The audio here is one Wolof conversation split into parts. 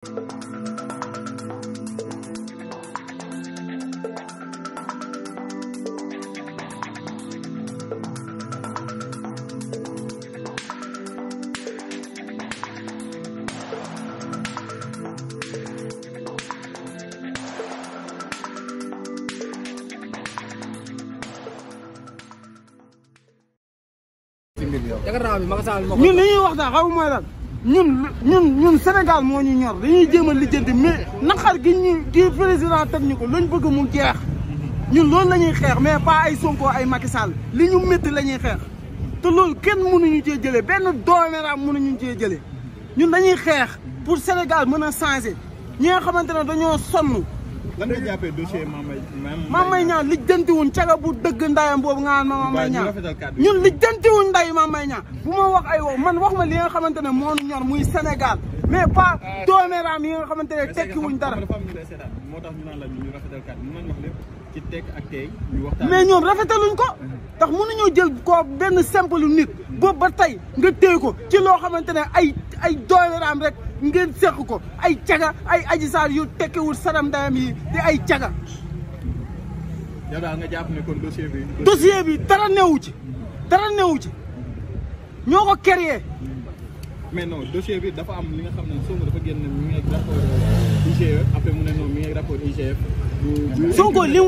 يا جرى عمي ما قصر عمي ما قصر مين هي واحدة خاوم ماذا ñun ñun ñun Sénégal moo ñu ñor dañuy jéem a lijjanti mais naqar gi ñu gi président teg ñu ko lañ bëgg mu jeex ñun loolu la xeex mais pas ay Sonko ay Macky li ñu métti la ñuy xeex te loolu kenn mënuñu cee jëlee benn mun dooméraam ñu jee jëlee ñun dañuy xeex pour Sénégal mën a changer ñi nga xamante ne dañoo sonn lan nga jappé dossier mamay mamay mamay ñaan li jënti wuñ ci nga bu dëgg ndayam bobu nga mamay ñaan ñun li jënti wuñ nday mamay ñaan bu ma wax ay wo man wax ma li nga xamantene mo ñu ñor muy sénégal mais pas doméram yi nga xamantene tekki wuñ dara motax ñu nan la ñu rafetal kat ñu man wax lepp ci tek ak tey ñu waxtaan mais ñom rafetaluñ ko tax mënu ñu jël ko ben simple nit bo ba tay nga téy ko ci lo xamantene ay ay doyoram rek ngeen seq ko ay caga ay aji Sarr yu tekkiwul saram ndayam yi di ay caga. yow nga jàpp ne kon dossier bi. bi dara newu ci dara newu ci ñoo ko créé. mais non dossier bi dafa am li nga xam ne Sonko dafa génn mi ngi rapport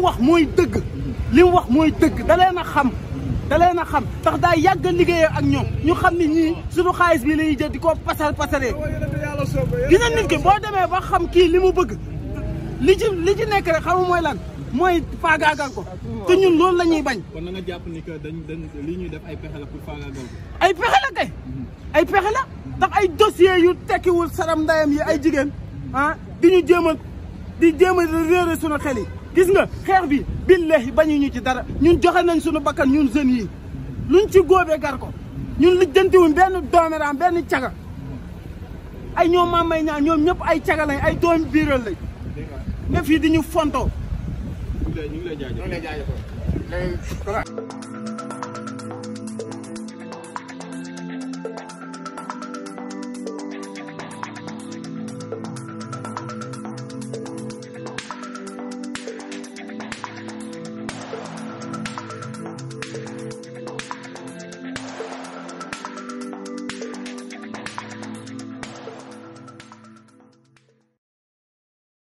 wax mooy dëgg. li mu wax mooy dëgg da na xam. da leen xam ndax daa yàgg liggéeyee ak ñoom ñu xam ne ñii suñu xaalis bi la ñuy jël di ko pasal pasalee. gis na nit ki boo demee ba xam kii li mu bëgg li ci li ci nekk rek xamu mooy lan mooy faagaagal ko te ñun loolu la ñuy bañ. kon na nga jàpp ni que dañ dañ li ñuy def ay pexe la pour faagaagal ko. ay kay ay pexe la ndax ay dossier yu tekkiwul saram ndayam yi ay jigéen ah di ñu jéem a di jéem a réere sunu xel yi gis nga xeex bi billahi bañu ñu ci dara ñun joxe nañ sunu bakkan ñun jeunes yi luñ ci góobee gar ko ñun lijjantiwuñ benn doomeraam benn caga ay ñoo Mame Mbaye Niang ñoom ñëpp ay caga lañ ay doom biiral lañ ne di ñu fonto ñu ngi lay jaajëfal